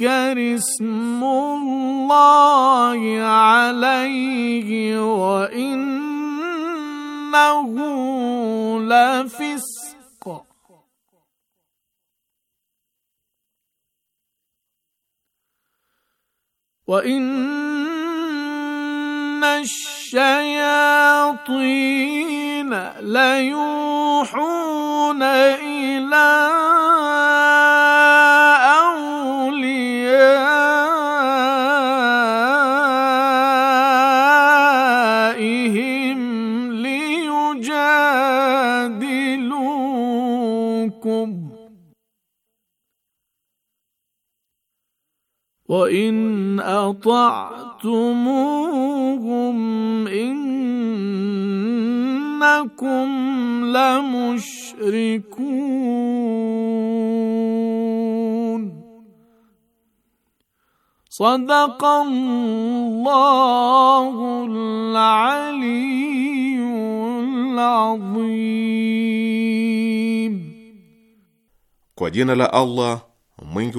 يذكر اسم الله عليه وإنه لفسق وإن الشياطين ليوحون إلى أولياء وإن أطعتموهم إنكم لمشركون صدق الله العلي العظيم Kwa لا الله Allah mwingi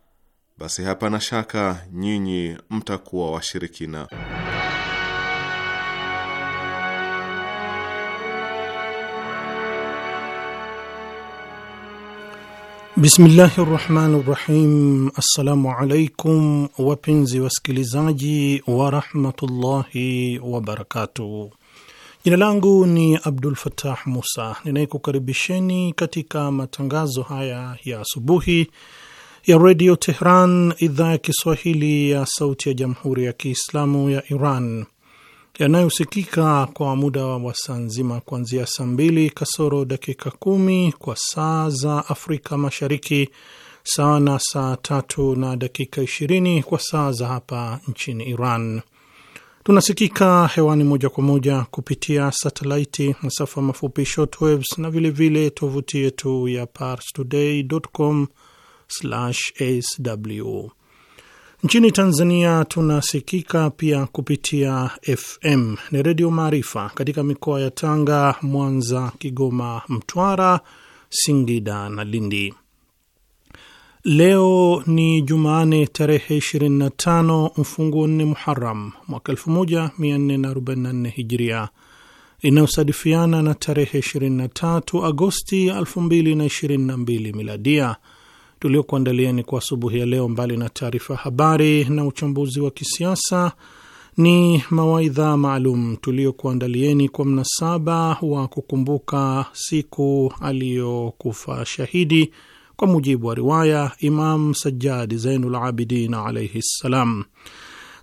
basi hapana shaka nyinyi mtakuwa washirikina. Bismillahi rahmani rahim. Assalamu alaikum wapenzi wasikilizaji warahmatullahi wabarakatuh. Jina langu ni Abdul Fatah Musa ninayekukaribisheni katika matangazo haya ya asubuhi ya Redio Tehran, idhaa ya Kiswahili ya sauti ya Jamhuri ya Kiislamu ya Iran, yanayosikika kwa muda wa saa nzima kuanzia saa mbili kasoro dakika kumi kwa saa za Afrika Mashariki, sawa na saa tatu na dakika ishirini kwa saa za hapa nchini Iran. Tunasikika hewani moja kwa moja kupitia satelaiti, masafa mafupi shortwaves, na vilevile tovuti yetu ya parstoday.com sw. Nchini Tanzania tunasikika pia kupitia FM ni Redio Maarifa katika mikoa ya Tanga, Mwanza, Kigoma, Mtwara, Singida na Lindi. Leo ni Jumane tarehe 25 mfunguo nne Muharam mwaka 1444 Hijria, inayosadifiana na tarehe 23 Agosti 2022 Miladia tuliokuandalieni kwa asubuhi ya leo, mbali na taarifa habari na uchambuzi wa kisiasa, ni mawaidha maalum tuliokuandalieni kwa mnasaba wa kukumbuka siku aliyokufa shahidi kwa mujibu wa riwaya Imam Sajjad Zainul Abidin alaihi ssalam.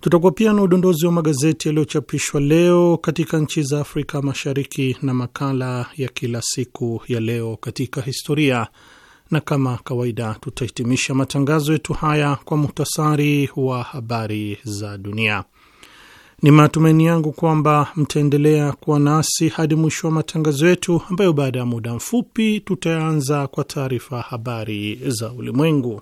Tutakuwa pia na udondozi wa magazeti yaliyochapishwa leo katika nchi za Afrika Mashariki na makala ya kila siku ya leo katika historia na kama kawaida tutahitimisha matangazo yetu haya kwa muhtasari wa habari za dunia. Ni matumaini yangu kwamba mtaendelea kuwa nasi hadi mwisho wa matangazo yetu, ambayo baada ya muda mfupi tutaanza kwa taarifa habari za ulimwengu.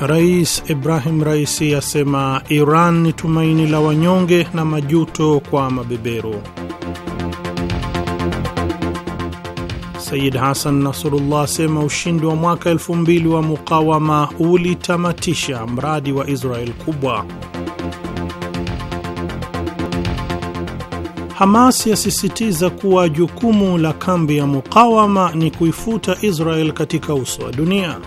Rais Ibrahim Raisi asema Iran ni tumaini la wanyonge na majuto kwa mabeberu. Sayid Hasan Nasrullah asema ushindi wa mwaka elfu mbili wa mukawama ulitamatisha mradi wa Israel kubwa. Hamas yasisitiza kuwa jukumu la kambi ya mukawama ni kuifuta Israel katika uso wa dunia.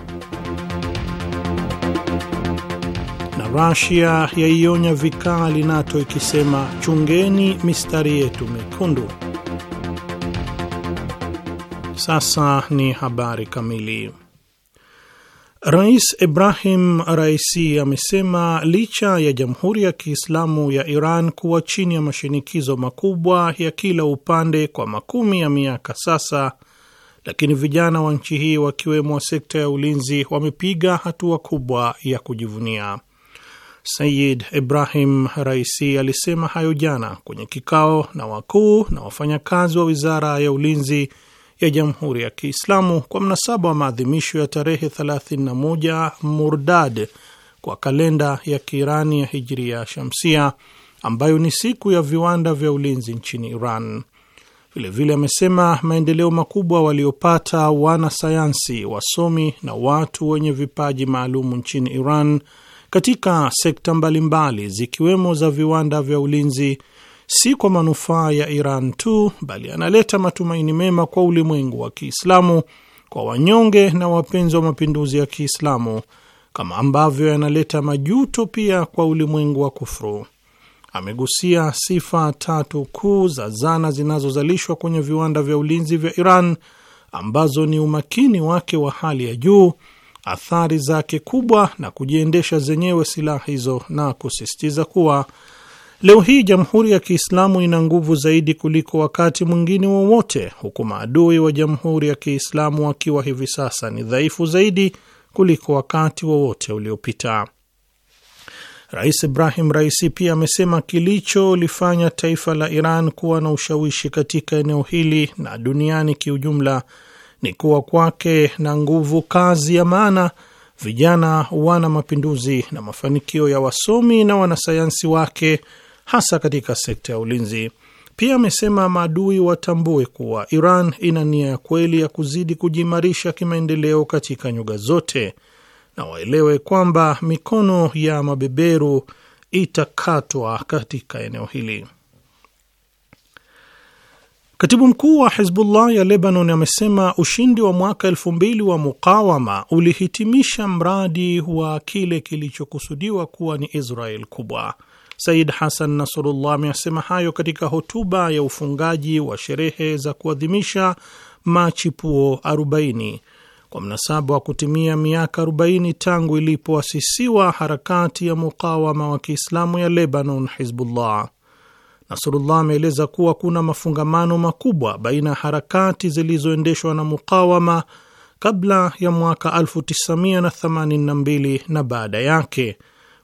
Rasia yaionya vikali NATO ikisema chungeni mistari yetu mekundu. Sasa ni habari kamili. Rais Ibrahim Raisi amesema licha ya Jamhuri ya Kiislamu ya Iran kuwa chini ya mashinikizo makubwa ya kila upande kwa makumi ya miaka sasa, lakini vijana wa nchi hii wakiwemo wa sekta ya ulinzi wamepiga hatua kubwa ya kujivunia. Sayid Ibrahim Raisi alisema hayo jana kwenye kikao na wakuu na wafanyakazi wa wizara ya ulinzi ya Jamhuri ya Kiislamu kwa mnasaba wa maadhimisho ya tarehe 31 Murdad kwa kalenda ya Kiirani ya Hijria Shamsia, ambayo ni siku ya viwanda vya ulinzi nchini Iran. Vilevile amesema vile maendeleo makubwa waliopata wanasayansi, wasomi na watu wenye vipaji maalumu nchini Iran katika sekta mbalimbali zikiwemo za viwanda vya ulinzi, si kwa manufaa ya Iran tu, bali analeta matumaini mema kwa ulimwengu wa Kiislamu, kwa wanyonge na wapenzi wa mapinduzi ya Kiislamu, kama ambavyo yanaleta majuto pia kwa ulimwengu wa kufru Amegusia sifa tatu kuu za zana zinazozalishwa kwenye viwanda vya ulinzi vya Iran ambazo ni umakini wake wa hali ya juu athari zake kubwa na kujiendesha zenyewe silaha hizo, na kusisitiza kuwa leo hii Jamhuri ya Kiislamu ina nguvu zaidi kuliko wakati mwingine wowote, huku maadui wa Jamhuri ya Kiislamu wakiwa hivi sasa ni dhaifu zaidi kuliko wakati wowote uliopita. Rais Ibrahim Raisi pia amesema kilicholifanya taifa la Iran kuwa na ushawishi katika eneo hili na duniani kiujumla ni kuwa kwake na nguvu kazi ya maana vijana wana mapinduzi na mafanikio ya wasomi na wanasayansi wake hasa katika sekta ya ulinzi. Pia amesema maadui watambue kuwa Iran ina nia ya kweli ya kuzidi kujiimarisha kimaendeleo katika nyuga zote, na waelewe kwamba mikono ya mabeberu itakatwa katika eneo hili. Katibu mkuu wa Hizbullah ya Lebanon amesema ushindi wa mwaka elfu mbili wa mukawama ulihitimisha mradi wa kile kilichokusudiwa kuwa ni Israel kubwa. Said Hasan Nasrullah amesema hayo katika hotuba ya ufungaji wa sherehe za kuadhimisha machipuo 40 kwa mnasaba wa kutimia miaka 40 tangu ilipoasisiwa harakati ya mukawama wa Kiislamu ya Lebanon, Hizbullah. Nasrullah ameeleza kuwa kuna mafungamano makubwa baina ya harakati zilizoendeshwa na mukawama kabla ya mwaka 1982 na baada yake,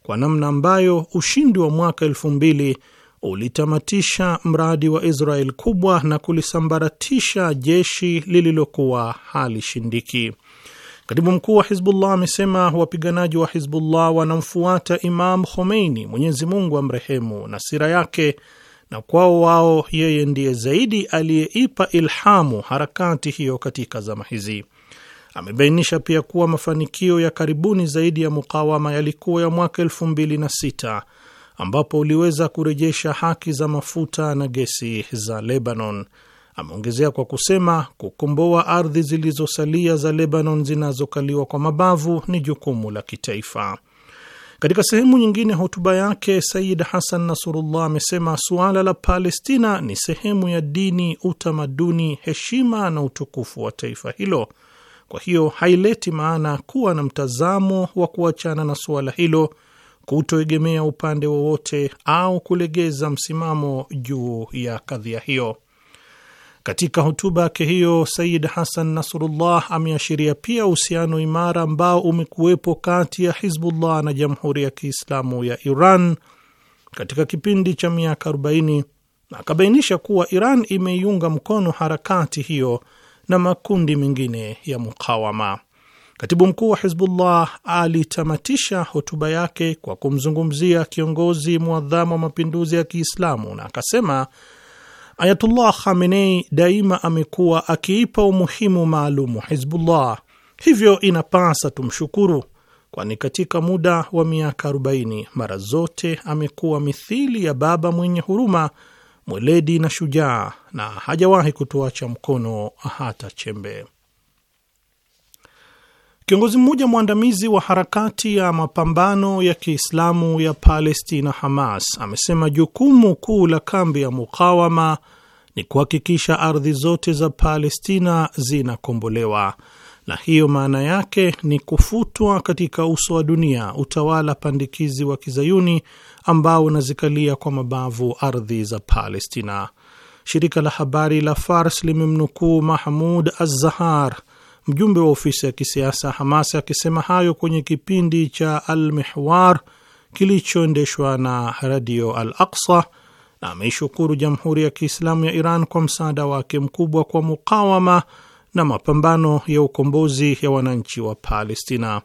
kwa namna ambayo ushindi wa mwaka 2000 ulitamatisha mradi wa Israel kubwa na kulisambaratisha jeshi lililokuwa halishindiki. Katibu mkuu wa Hizbullah amesema wapiganaji wa Hizbullah wanamfuata Imam Khomeini, Mwenyezi Mungu amrehemu, na sira yake na kwao wao yeye ndiye zaidi aliyeipa ilhamu harakati hiyo katika zama hizi. Amebainisha pia kuwa mafanikio ya karibuni zaidi ya mukawama yalikuwa ya mwaka elfu mbili na sita ambapo uliweza kurejesha haki za mafuta na gesi za Lebanon. Ameongezea kwa kusema kukomboa ardhi zilizosalia za Lebanon zinazokaliwa kwa mabavu ni jukumu la kitaifa. Katika sehemu nyingine hotuba yake, Sayid Hasan Nasrullah amesema suala la Palestina ni sehemu ya dini, utamaduni, heshima na utukufu wa taifa hilo. Kwa hiyo haileti maana kuwa na mtazamo wa kuachana na suala hilo, kutoegemea upande wowote au kulegeza msimamo juu ya kadhia hiyo. Katika hotuba yake hiyo, Said hasan Nasrullah ameashiria pia uhusiano imara ambao umekuwepo kati ya Hizbullah na Jamhuri ya Kiislamu ya Iran katika kipindi cha miaka 40 na akabainisha kuwa Iran imeiunga mkono harakati hiyo na makundi mengine ya mukawama. Katibu mkuu wa Hizbullah alitamatisha hotuba yake kwa kumzungumzia kiongozi mwadhamu wa mapinduzi ya Kiislamu na akasema Ayatullah Khamenei daima amekuwa akiipa umuhimu maalumu Hizbullah, hivyo inapasa tumshukuru, kwani katika muda wa miaka 40 mara zote amekuwa mithili ya baba mwenye huruma, mweledi na shujaa, na hajawahi kutuacha mkono hata chembe. Kiongozi mmoja mwandamizi wa harakati ya mapambano ya Kiislamu ya Palestina, Hamas, amesema jukumu kuu la kambi ya mukawama ni kuhakikisha ardhi zote za Palestina zinakombolewa, na hiyo maana yake ni kufutwa katika uso wa dunia utawala pandikizi wa kizayuni ambao unazikalia kwa mabavu ardhi za Palestina. Shirika la habari la Fars limemnukuu Mahmud Azzahar Mjumbe wa ofisi ya kisiasa Hamas akisema hayo kwenye kipindi cha Al-Mihwar kilichoendeshwa na Radio al aksa na ameishukuru Jamhuri ya Kiislamu ya Iran kwa msaada wake mkubwa kwa mukawama na mapambano ya ukombozi ya wananchi wa Palestina.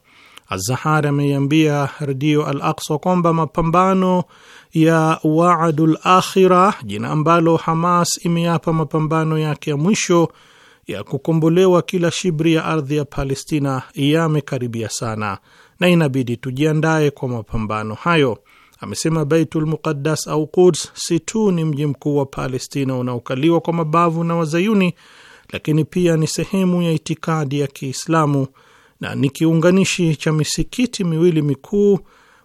Azahari ameiambia radio Al Aksa kwamba mapambano ya Waadul Akhira, jina ambalo Hamas imeyapa mapambano yake ya mwisho, ya kukombolewa kila shibri ya ardhi ya Palestina yamekaribia sana na inabidi tujiandaye kwa mapambano hayo, amesema. Baitul Muqaddas au Quds si tu ni mji mkuu wa Palestina unaokaliwa kwa mabavu na Wazayuni, lakini pia ni sehemu ya itikadi ya Kiislamu na ni kiunganishi cha misikiti miwili mikuu,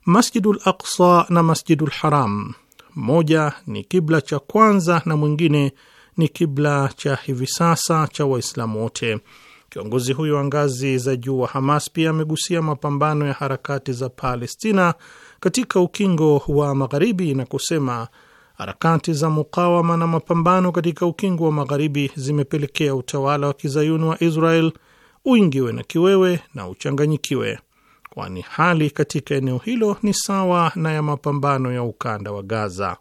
Masjidul Aqsa na Masjidul Haram. Moja ni kibla cha kwanza na mwingine ni kibla cha hivi sasa cha Waislamu wote. Kiongozi huyo wa ngazi za juu wa Hamas pia amegusia mapambano ya harakati za Palestina katika ukingo wa Magharibi na kusema harakati za mukawama na mapambano katika ukingo wa Magharibi zimepelekea utawala wa kizayuni wa Israel uingiwe na kiwewe na uchanganyikiwe, kwani hali katika eneo hilo ni sawa na ya mapambano ya ukanda wa Gaza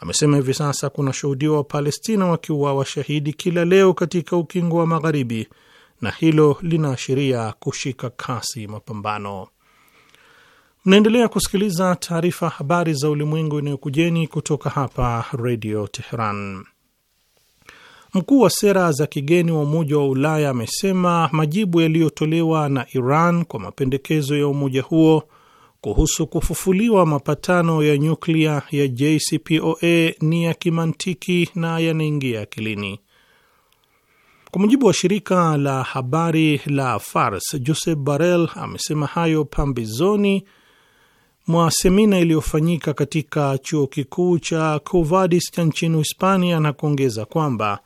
amesema hivi sasa kuna wa Wapalestina wakiuawa shahidi kila leo katika ukingo wa Magharibi, na hilo linaashiria kushika kasi mapambano. Mnaendelea kusikiliza taarifa habari za ulimwengu inayokujeni kutoka hapa Redio Teheran. Mkuu wa sera za kigeni wa Umoja wa Ulaya amesema majibu yaliyotolewa na Iran kwa mapendekezo ya umoja huo kuhusu kufufuliwa mapatano ya nyuklia ya JCPOA ni ya kimantiki na yanaingia akilini. Kwa mujibu wa shirika la habari la Fars, Josep Borrell amesema hayo pambizoni mwa semina iliyofanyika katika chuo kikuu cha Covadis cha nchini Hispania na kuongeza kwamba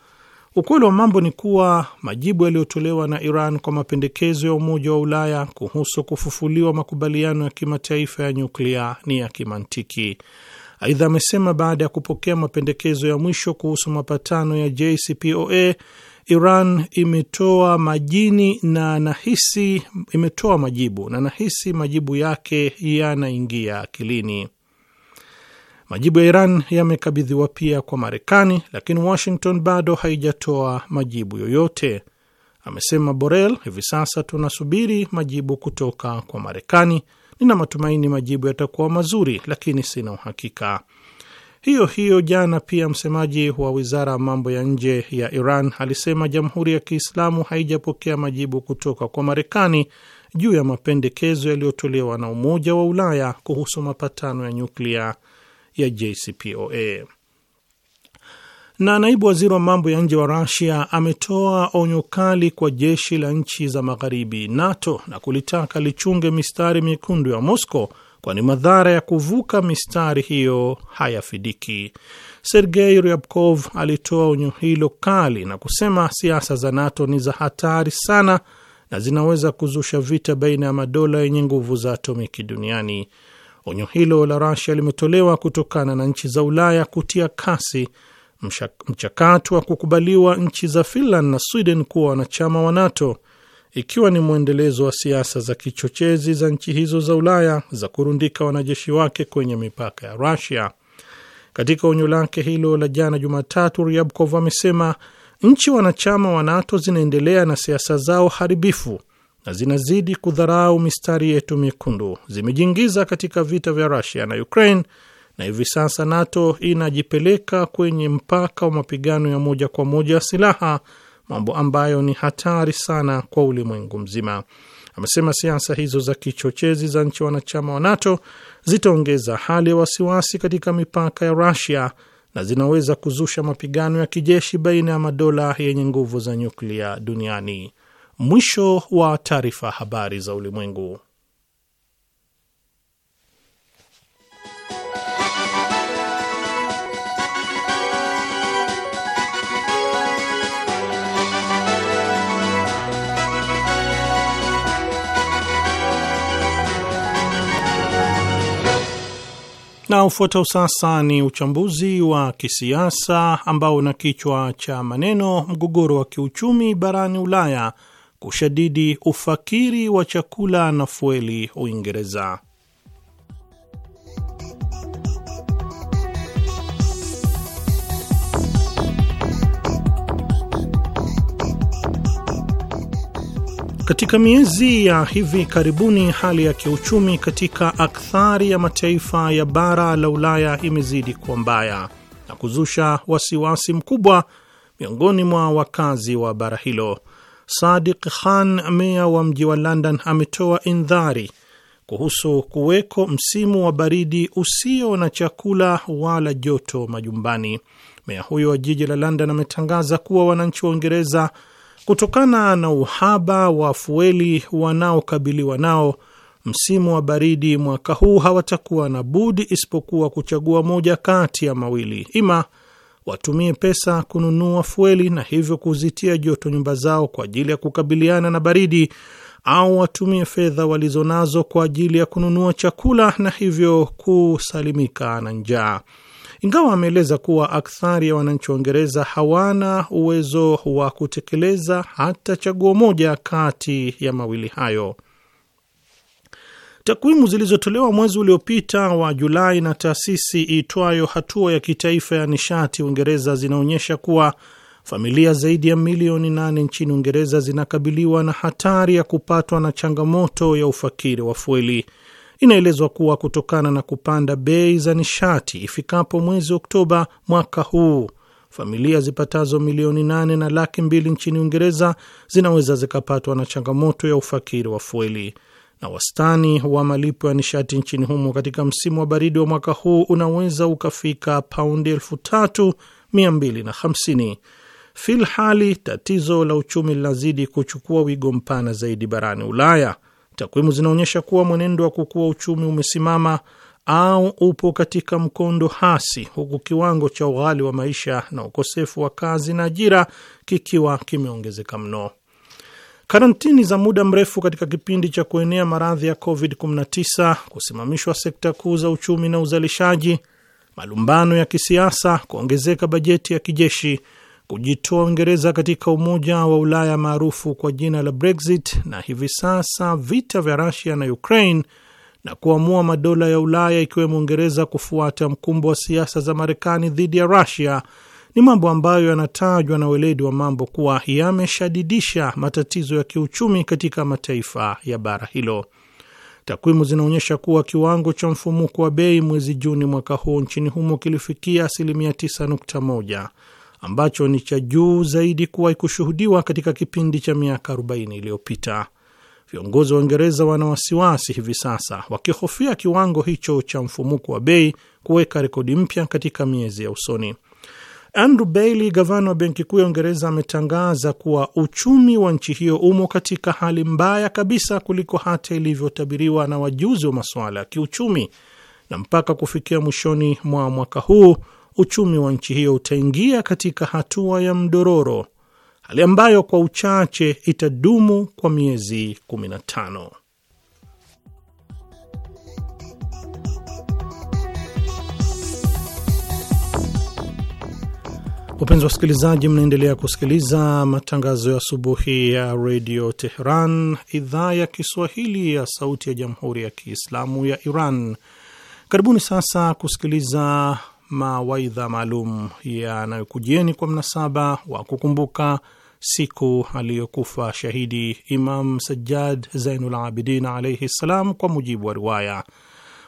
Ukweli wa mambo ni kuwa majibu yaliyotolewa na Iran kwa mapendekezo ya Umoja wa Ulaya kuhusu kufufuliwa makubaliano ya kimataifa ya nyuklia ni ya kimantiki. Aidha, amesema baada ya kupokea mapendekezo ya mwisho kuhusu mapatano ya JCPOA Iran imetoa majini na nahisi imetoa majibu na nahisi majibu yake yanaingia akilini. Majibu ya Iran yamekabidhiwa pia kwa Marekani, lakini Washington bado haijatoa majibu yoyote, amesema Borel. Hivi sasa tunasubiri majibu kutoka kwa Marekani. Nina matumaini majibu yatakuwa mazuri, lakini sina uhakika. Hiyo hiyo jana pia msemaji wa wizara ya mambo ya nje ya Iran alisema jamhuri ya Kiislamu haijapokea majibu kutoka kwa Marekani juu ya mapendekezo yaliyotolewa na Umoja wa Ulaya kuhusu mapatano ya nyuklia ya JCPOA. Na naibu waziri wa mambo ya nje wa Rusia ametoa onyo kali kwa jeshi la nchi za magharibi NATO na kulitaka lichunge mistari miekundu ya Moscow, kwani madhara ya kuvuka mistari hiyo hayafidiki. Sergei Ryabkov alitoa onyo hilo kali na kusema siasa za NATO ni za hatari sana na zinaweza kuzusha vita baina ya madola yenye nguvu za atomiki duniani. Onyo hilo la Rasia limetolewa kutokana na nchi za Ulaya kutia kasi mchakato wa kukubaliwa nchi za Finland na Sweden kuwa wanachama wa NATO, ikiwa ni mwendelezo wa siasa za kichochezi za nchi hizo za Ulaya za kurundika wanajeshi wake kwenye mipaka ya Rasia. Katika onyo lake hilo la jana Jumatatu, Ryabkov amesema nchi wanachama wa NATO zinaendelea na siasa zao haribifu na zinazidi kudharau mistari yetu mekundu, zimejiingiza katika vita vya Rusia na Ukraine na hivi sasa NATO inajipeleka kwenye mpaka wa mapigano ya moja kwa moja ya silaha, mambo ambayo ni hatari sana kwa ulimwengu mzima. Amesema siasa hizo za kichochezi za nchi wanachama wa NATO zitaongeza hali ya wasiwasi katika mipaka ya Rusia na zinaweza kuzusha mapigano ya kijeshi baina ya madola yenye nguvu za nyuklia duniani. Mwisho wa taarifa. Habari za Ulimwengu. Na ufuatao sasa ni uchambuzi wa kisiasa ambao una kichwa cha maneno mgogoro wa kiuchumi barani Ulaya kushadidi ufakiri wa chakula na fueli Uingereza. Katika miezi ya hivi karibuni hali ya kiuchumi katika akthari ya mataifa ya bara la Ulaya imezidi kuwa mbaya na kuzusha wasiwasi mkubwa miongoni mwa wakazi wa bara hilo. Sadiq Khan, meya wa mji wa London, ametoa indhari kuhusu kuweko msimu wa baridi usio na chakula wala joto majumbani. Meya huyo wa jiji la London ametangaza kuwa wananchi wa Uingereza, kutokana na uhaba wa fueli wanaokabiliwa nao msimu wa baridi mwaka huu, hawatakuwa na budi isipokuwa kuchagua moja kati ya mawili: ima watumie pesa kununua fueli na hivyo kuzitia joto nyumba zao kwa ajili ya kukabiliana na baridi, au watumie fedha walizonazo kwa ajili ya kununua chakula na hivyo kusalimika na njaa. Ingawa ameeleza kuwa akthari ya wananchi wa Uingereza hawana uwezo wa kutekeleza hata chaguo moja kati ya mawili hayo. Takwimu zilizotolewa mwezi uliopita wa Julai na taasisi iitwayo Hatua ya Kitaifa ya Nishati Uingereza zinaonyesha kuwa familia zaidi ya milioni nane nchini Uingereza zinakabiliwa na hatari ya kupatwa na changamoto ya ufakiri wa fueli. Inaelezwa kuwa kutokana na kupanda bei za nishati, ifikapo mwezi Oktoba mwaka huu familia zipatazo milioni nane na laki mbili nchini Uingereza zinaweza zikapatwa na changamoto ya ufakiri wa fueli na wastani wa malipo ya nishati nchini humo katika msimu wa baridi wa mwaka huu unaweza ukafika paundi 3250. tatu Fil hali tatizo la uchumi linazidi kuchukua wigo mpana zaidi barani Ulaya. Takwimu zinaonyesha kuwa mwenendo wa kukua uchumi umesimama au upo katika mkondo hasi, huku kiwango cha ughali wa maisha na ukosefu wa kazi na ajira kikiwa kimeongezeka mno. Karantini za muda mrefu katika kipindi cha kuenea maradhi ya COVID-19, kusimamishwa sekta kuu za uchumi na uzalishaji, malumbano ya kisiasa, kuongezeka bajeti ya kijeshi, kujitoa Uingereza katika Umoja wa Ulaya maarufu kwa jina la Brexit, na hivi sasa vita vya Rusia na Ukraine na kuamua madola ya Ulaya ikiwemo Uingereza kufuata mkumbo wa siasa za Marekani dhidi ya Rusia ni mambo ambayo yanatajwa na weledi wa mambo kuwa yameshadidisha matatizo ya kiuchumi katika mataifa ya bara hilo. Takwimu zinaonyesha kuwa kiwango cha mfumuko wa bei mwezi Juni mwaka huu nchini humo kilifikia asilimia 9.1 ambacho ni cha juu zaidi kuwahi kushuhudiwa katika kipindi cha miaka 40 iliyopita. Viongozi wa Uingereza wana wasiwasi hivi sasa, wakihofia kiwango hicho cha mfumuko wa bei kuweka rekodi mpya katika miezi ya usoni. Andrew Bailey, gavana wa benki kuu ya Uingereza, ametangaza kuwa uchumi wa nchi hiyo umo katika hali mbaya kabisa kuliko hata ilivyotabiriwa na wajuzi wa masuala ya kiuchumi, na mpaka kufikia mwishoni mwa mwaka huu uchumi wa nchi hiyo utaingia katika hatua ya mdororo, hali ambayo kwa uchache itadumu kwa miezi 15. Wapenzi wasikilizaji, mnaendelea kusikiliza matangazo ya asubuhi ya redio Teheran, idhaa ya Kiswahili ya sauti ya jamhuri ya Kiislamu ya Iran. Karibuni sasa kusikiliza mawaidha maalum yanayokujieni kwa mnasaba wa kukumbuka siku aliyokufa shahidi Imam Sajjad Zainul Abidin alaihi ssalam, kwa mujibu wa riwaya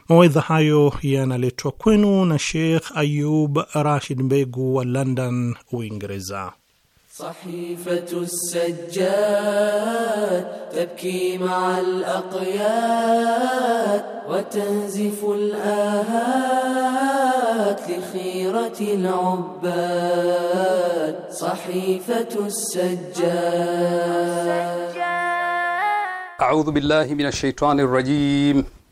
Mawaidha hayo yanaletwa kwenu na Sheikh Ayub Rashid Mbegu wa London, Uingereza. صحيفة السجاد تبكي مع الأقياد وتنزف الآهات لخيرة العباد صحيفة السجاد أعوذ بالله من الشيطان الرجيم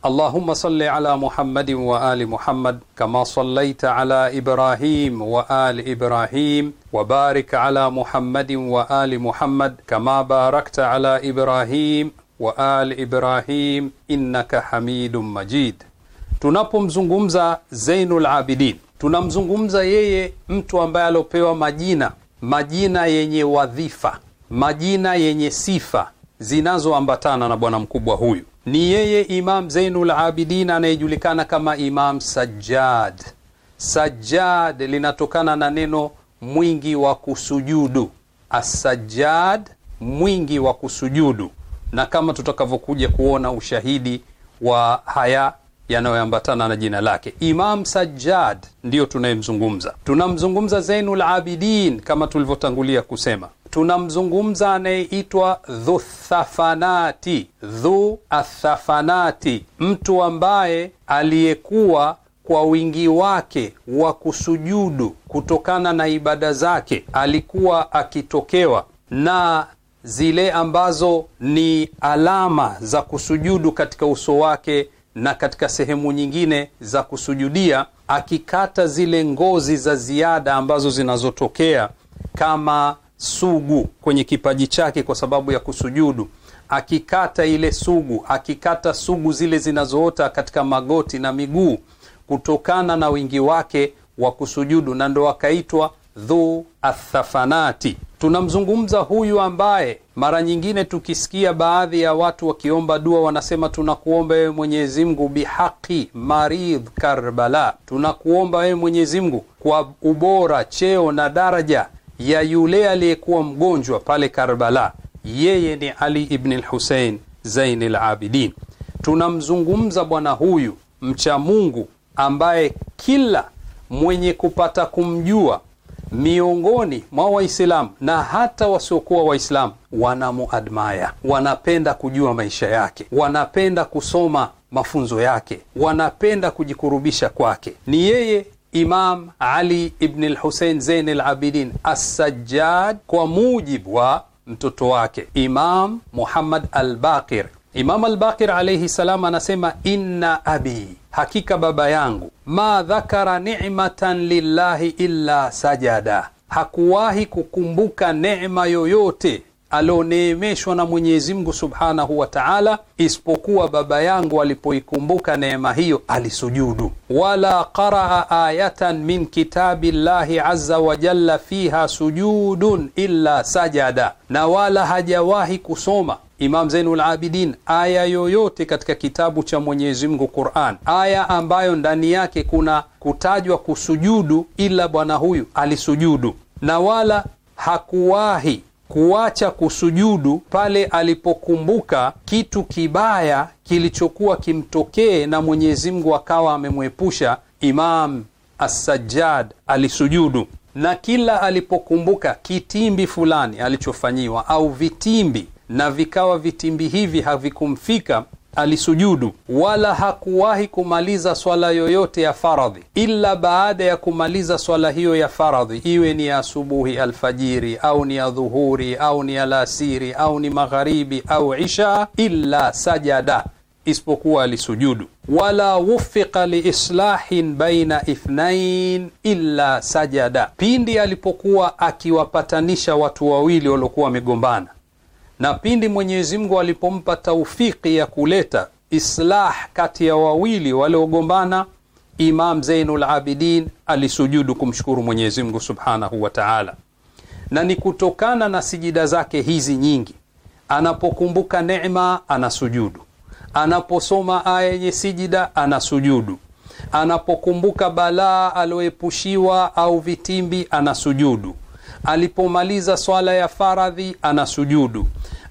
اللهم صل على محمد وآل محمد كما صليت على إبراهيم وآل إبراهيم وبارك على محمد وآل محمد كما باركت على إبراهيم وآل إبراهيم إنك حميد مجيد tunapomzungumza Zainul Abidin tunamzungumza yeye mtu ambaye alopewa majina majina yenye wadhifa majina yenye sifa zinazoambatana na bwana mkubwa huyu ni yeye Imam Zainul Abidin anayejulikana kama Imam Sajjad. Sajjad linatokana na neno mwingi wa kusujudu, asajjad, mwingi wa kusujudu, na kama tutakavyokuja kuona ushahidi wa haya yanayoambatana na jina lake Imam Sajjad, ndiyo tunayemzungumza. Tunamzungumza Zainul Abidin kama tulivyotangulia kusema tunamzungumza anayeitwa dhuthafanati dhu athafanati, mtu ambaye aliyekuwa kwa wingi wake wa kusujudu kutokana na ibada zake alikuwa akitokewa na zile ambazo ni alama za kusujudu katika uso wake na katika sehemu nyingine za kusujudia, akikata zile ngozi za ziada ambazo zinazotokea kama sugu kwenye kipaji chake kwa sababu ya kusujudu, akikata ile sugu, akikata sugu zile zinazoota katika magoti na miguu kutokana na wingi wake wa kusujudu, na ndo akaitwa dhu athafanati. Tunamzungumza huyu ambaye mara nyingine tukisikia baadhi ya watu wakiomba dua wanasema, tunakuomba wewe Mwenyezi Mungu bihaqi maridh Karbala, tunakuomba wewe Mwenyezi Mungu kwa ubora, cheo na daraja ya yule aliyekuwa mgonjwa pale Karbala, yeye ni Ali ibn al Zain al-Abidin. Tunamzungumza bwana huyu mcha Mungu ambaye kila mwenye kupata kumjua miongoni mwa Waislamu na hata wasiokuwa Waislamu wanamuadmaya, wanapenda kujua maisha yake, wanapenda kusoma mafunzo yake, wanapenda kujikurubisha kwake. Ni yeye Imam Ali ibn lhusein zein Zain al kwa mujibu wa mtoto wake Imam Muhammad al Imam al-Baqir salam anasema inna abi, hakika baba yangu, ma dhakara ni'matan lillahi illa sajada, hakuwahi kukumbuka neema yoyote alioneemeshwa na Mwenyezi Mungu Subhanahu wa Ta'ala, isipokuwa baba yangu alipoikumbuka neema hiyo alisujudu. Wala qaraa ayatan min kitabi llahi azza wa jalla fiha sujudun illa sajada, na wala hajawahi kusoma Imam Zainul Abidin aya yoyote katika kitabu cha Mwenyezi Mungu Qur'an, aya ambayo ndani yake kuna kutajwa kusujudu, ila bwana huyu alisujudu, na wala hakuwahi kuacha kusujudu pale alipokumbuka kitu kibaya kilichokuwa kimtokee na Mwenyezi Mungu akawa amemwepusha. Imam Assajjad alisujudu na kila alipokumbuka kitimbi fulani alichofanyiwa au vitimbi, na vikawa vitimbi hivi havikumfika alisujudu wala hakuwahi kumaliza swala yoyote ya faradhi ila baada ya kumaliza swala hiyo ya faradhi, iwe ni ya asubuhi alfajiri, au ni ya dhuhuri, au ni alasiri, au ni magharibi au isha, illa sajada, isipokuwa alisujudu. Wala wufiqa liislahin baina ithnain illa sajada, pindi alipokuwa akiwapatanisha watu wawili waliokuwa wamegombana na pindi Mwenyezi Mungu alipompa taufiki ya kuleta islah kati ya wawili waliogombana, Imam Zainul Abidin alisujudu kumshukuru Mwenyezi Mungu Subhanahu wa Ta'ala, na ni kutokana na sijida zake hizi nyingi. Anapokumbuka neema anasujudu, anaposoma aya yenye sijida anasujudu, anapokumbuka balaa alioepushiwa au vitimbi anasujudu Alipomaliza swala ya faradhi anasujudu,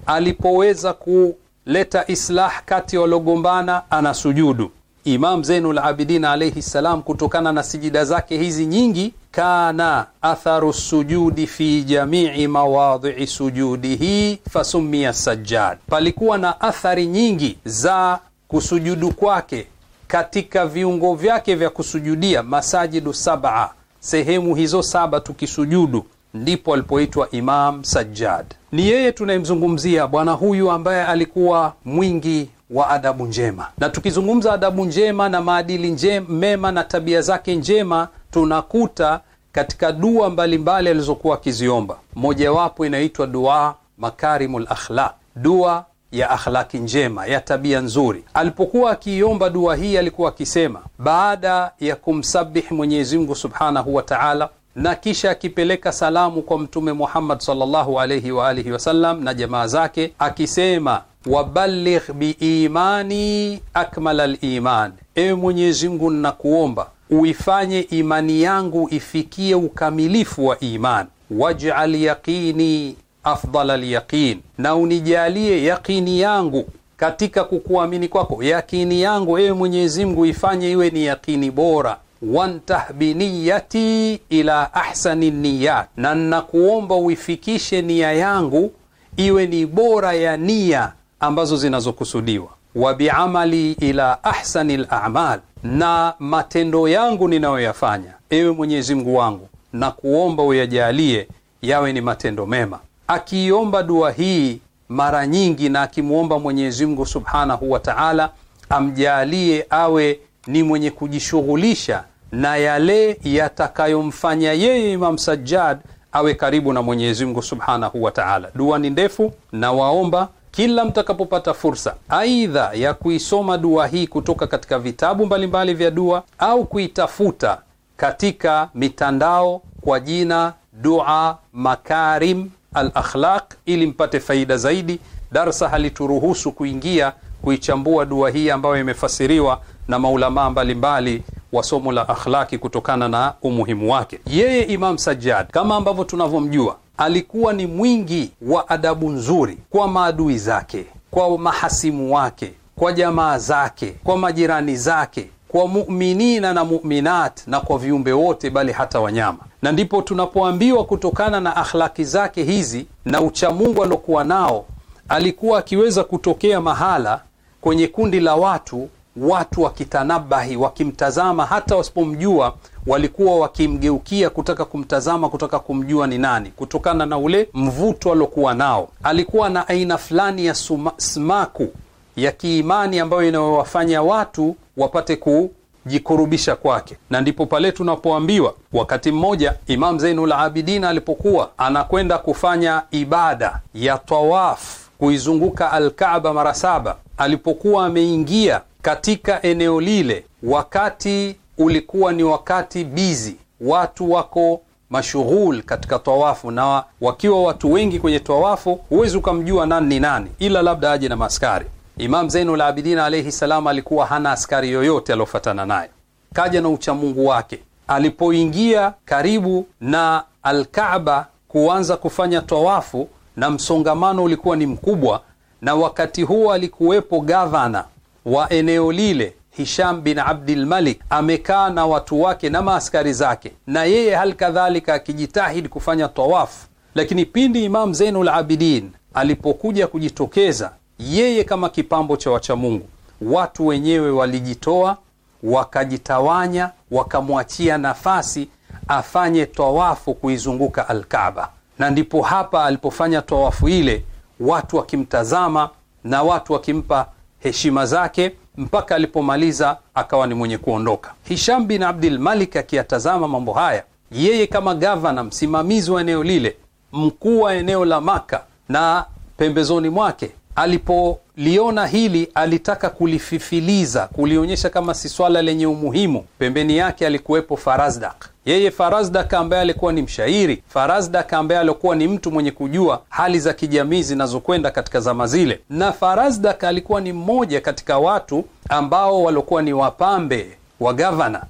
alipoweza kuleta islah kati ya waliogombana anasujudu. Imam Zainul Abidin alaihi ssalam, kutokana na sijida zake hizi nyingi, kana atharu sujudi fi jamii mawadhii sujudihi fasumia sajad, palikuwa na athari nyingi za kusujudu kwake katika viungo vyake vya kusujudia, masajidu sab'a, sehemu hizo saba tukisujudu ndipo alipoitwa Imam Sajjad. Ni yeye tunayemzungumzia bwana huyu ambaye alikuwa mwingi wa adabu njema, na tukizungumza adabu njema na maadili njema, mema na tabia zake njema tunakuta katika dua mbalimbali alizokuwa akiziomba, mojawapo inaitwa dua makarimul akhlaq, dua ya akhlaki njema ya tabia nzuri. Alipokuwa akiiomba dua hii, alikuwa akisema baada ya kumsabihi Mwenyezi Mungu subhanahu wa taala na kisha akipeleka salamu kwa Mtume Muhammad sallallahu alayhi wa alihi wasallam na jamaa zake akisema, waballigh biimani akmala liman, ewe Mwenyezi Mungu nnakuomba uifanye imani yangu ifikie ukamilifu wa iman, waj'al yaqini afdala lyaqin, na unijalie yaqini yangu katika kukuamini kwako, yaqini yangu ewe Mwenyezi Mungu ifanye iwe ni yaqini bora wantahbiniyati ila ahsani niyat, na nnakuomba uifikishe nia yangu iwe ni bora ya nia ambazo zinazokusudiwa. Wa biamali ila ahsani lamal, na matendo yangu ninayoyafanya, ewe Mwenyezi Mungu wangu, na kuomba uyajalie yawe ni matendo mema. Akiiomba dua hii mara nyingi na akimwomba Mwenyezi Mungu subhanahu wa taala amjalie awe ni mwenye kujishughulisha na yale yatakayomfanya yeye Imam Sajjad awe karibu na Mwenyezi Mungu subhanahu wa taala. Dua ni ndefu, na waomba kila mtakapopata fursa, aidha ya kuisoma dua hii kutoka katika vitabu mbalimbali vya dua au kuitafuta katika mitandao kwa jina Dua Makarim al Akhlaq, ili mpate faida zaidi. Darsa halituruhusu kuingia kuichambua dua hii ambayo imefasiriwa na maulamaa mbalimbali wa somo la akhlaki kutokana na umuhimu wake. Yeye Imam Sajjad kama ambavyo tunavyomjua, alikuwa ni mwingi wa adabu nzuri kwa maadui zake, kwa mahasimu wake, kwa jamaa zake, kwa majirani zake, kwa muminina na muminat, na kwa viumbe wote, bali hata wanyama. Na ndipo tunapoambiwa kutokana na akhlaki zake hizi na uchamungu aliokuwa nao, alikuwa akiweza kutokea mahala kwenye kundi la watu watu wakitanabahi, wakimtazama, hata wasipomjua walikuwa wakimgeukia kutaka kumtazama, kutaka kumjua ni nani, kutokana na ule mvuto aliokuwa nao. Alikuwa na aina fulani ya suma, smaku ya kiimani ambayo inayowafanya watu wapate kujikurubisha kwake, na ndipo pale tunapoambiwa wakati mmoja Imam Zainul Abidin alipokuwa anakwenda kufanya ibada ya tawaf kuizunguka Alkaaba mara saba, alipokuwa ameingia katika eneo lile, wakati ulikuwa ni wakati bizi, watu wako mashughul katika tawafu, na wakiwa watu wengi kwenye tawafu huwezi ukamjua nani ni nani, ila labda aje na maaskari. Imam Zainul Abidin alayhi salam alikuwa hana askari yoyote aliofatana naye, kaja na uchamungu wake. Alipoingia karibu na alkaba kuanza kufanya tawafu, na msongamano ulikuwa ni mkubwa, na wakati huo alikuwepo gavana wa eneo lile Hisham bin Abdilmalik amekaa na watu wake na maaskari zake, na yeye hal kadhalika akijitahidi kufanya tawafu. Lakini pindi Imam Zainul Abidin alipokuja kujitokeza yeye kama kipambo cha wachamungu, watu wenyewe walijitoa wakajitawanya, wakamwachia nafasi afanye tawafu kuizunguka Alkaaba, na ndipo hapa alipofanya tawafu ile, watu wakimtazama na watu wakimpa heshima zake mpaka alipomaliza akawa ni mwenye kuondoka. Hisham bin Abdul Malik akiyatazama mambo haya, yeye kama gavana, msimamizi wa eneo lile, mkuu wa eneo la Maka na pembezoni mwake, alipoliona hili alitaka kulififiliza, kulionyesha kama si swala lenye umuhimu. Pembeni yake alikuwepo Farazdak yeye Farazdak ambaye alikuwa ni mshairi, Farazdak ambaye alikuwa ni mtu mwenye kujua hali za kijamii zinazokwenda katika zama zile, na Farazdak alikuwa ni mmoja katika watu ambao walikuwa ni wapambe wa gavana.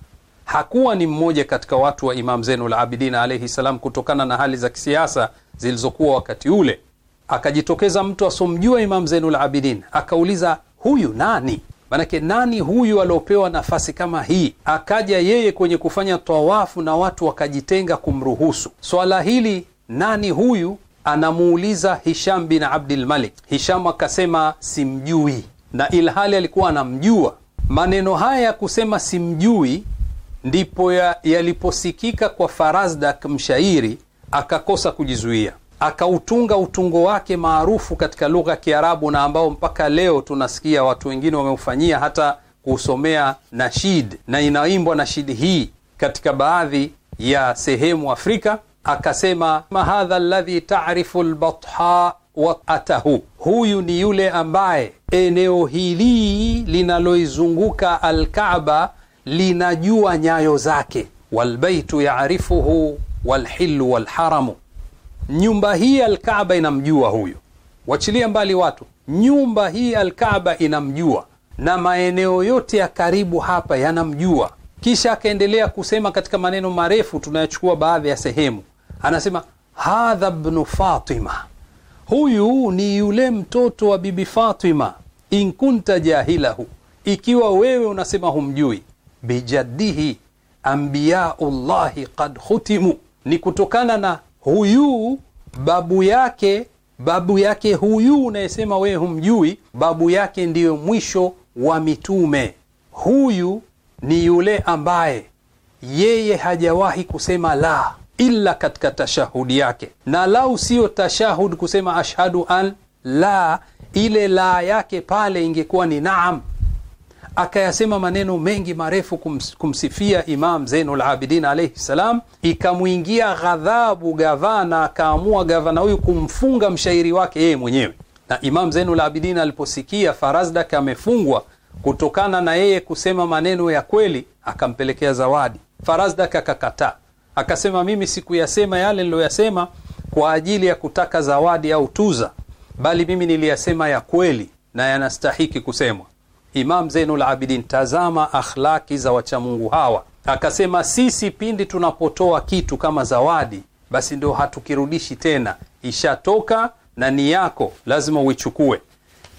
Hakuwa ni mmoja katika watu wa Imam Zainul Abidin alaihi salam, kutokana na hali za kisiasa zilizokuwa wakati ule. Akajitokeza mtu asomjua Imam Zainul Abidin, akauliza huyu nani? Manake nani huyu aliopewa nafasi kama hii akaja yeye kwenye kufanya tawafu na watu wakajitenga kumruhusu swala hili? Nani huyu? Anamuuliza Hisham bin Abdilmalik. Hisham akasema simjui, na ilhali alikuwa anamjua. Maneno haya ya kusema simjui ndipo yaliposikika ya kwa Farazdak, mshairi, akakosa kujizuia akautunga utungo wake maarufu katika lugha ya Kiarabu na ambao mpaka leo tunasikia watu wengine wameufanyia hata kuusomea nashid, na inaimbwa nashid hii katika baadhi ya sehemu Afrika. Akasema, mahadha alladhi tarifu lbatha wa atahu, huyu ni yule ambaye eneo hili linaloizunguka alkaba linajua nyayo zake. Walbaitu yarifuhu walhilu walharamu nyumba hii Alkaaba inamjua huyu, wachilia mbali watu, nyumba hii Alkaaba inamjua na maeneo yote ya karibu hapa yanamjua. Kisha akaendelea kusema katika maneno marefu, tunayachukua baadhi ya sehemu. Anasema hadha bnu Fatima, huyu ni yule mtoto wa bibi Fatima. In kunta jahilahu, ikiwa wewe unasema humjui. Bijaddihi ambiyaullahi qad khutimu, ni kutokana na huyu babu yake babu yake huyu unayesema wewe humjui, babu yake ndiyo mwisho wa mitume. Huyu ni yule ambaye yeye hajawahi kusema la illa katika tashahudi yake, na lau siyo tashahud kusema ashhadu an la, ile la yake pale ingekuwa ni naam akayasema maneno mengi marefu kums, kumsifia Imam Zainul Abidin alayhi salam, ikamwingia ghadhabu gavana, akaamua gavana huyu kumfunga mshairi wake yeye mwenyewe. Na Imam Zainul Abidin aliposikia Farazdak amefungwa kutokana na yeye kusema maneno ya kweli, akampelekea zawadi. Farazdak akakataa, akasema mimi sikuyasema yale niliyoyasema kwa ajili ya kutaka zawadi au tuza, bali mimi niliyasema ya kweli na yanastahiki kusemwa. Imam Zainul Abidin, tazama akhlaki za wachamungu hawa. Akasema sisi pindi tunapotoa kitu kama zawadi, basi ndio hatukirudishi tena, ishatoka na ni yako, lazima uichukue.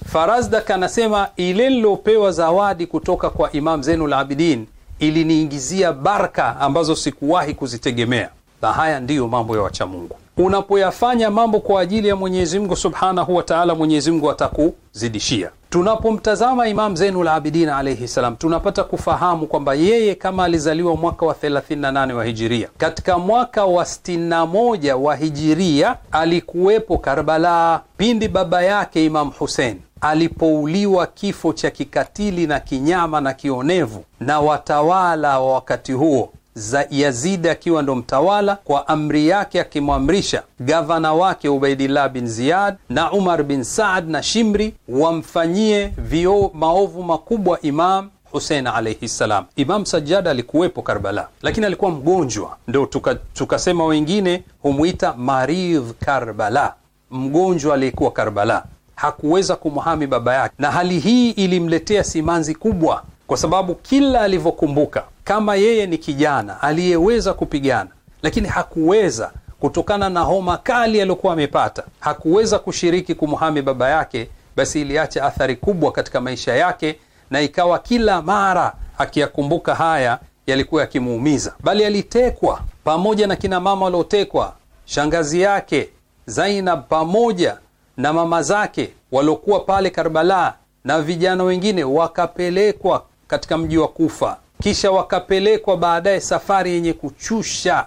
Farazdak anasema ile nilopewa zawadi kutoka kwa Imam Zainul Abidin iliniingizia baraka ambazo sikuwahi kuzitegemea, na haya ndiyo mambo ya wachamungu unapoyafanya mambo kwa ajili ya Mwenyezi Mungu Subhanahu wa Ta'ala, Mwenyezi Mungu atakuzidishia. Tunapomtazama Imam Zainul Abidin alaihi ssalam, tunapata kufahamu kwamba yeye kama alizaliwa mwaka wa 38 wa Hijiria, katika mwaka wa 61 wa Hijiria alikuwepo Karbala pindi baba yake Imam Husein alipouliwa kifo cha kikatili na kinyama na kionevu na watawala wa wakati huo za Yazidi akiwa ndo mtawala, kwa amri yake akimwamrisha gavana wake Ubaidillah bin Ziyad na Umar bin Saad na Shimri wamfanyie vio maovu makubwa Imam Husein alaihi salam. Imam Sajjad alikuwepo Karbala, lakini alikuwa mgonjwa, ndo tukasema tuka wengine humwita maridh Karbala, mgonjwa aliyekuwa Karbala hakuweza kumhami baba yake, na hali hii ilimletea simanzi kubwa, kwa sababu kila alivyokumbuka kama yeye ni kijana aliyeweza kupigana, lakini hakuweza kutokana na homa kali aliyokuwa amepata, hakuweza kushiriki kumhami baba yake, basi iliacha athari kubwa katika maisha yake, na ikawa kila mara akiyakumbuka haya yalikuwa yakimuumiza. Bali alitekwa pamoja na kina mama waliotekwa, shangazi yake Zainab pamoja na mama zake waliokuwa pale Karbala na vijana wengine wakapelekwa katika mji wa Kufa kisha wakapelekwa baadaye safari yenye kuchusha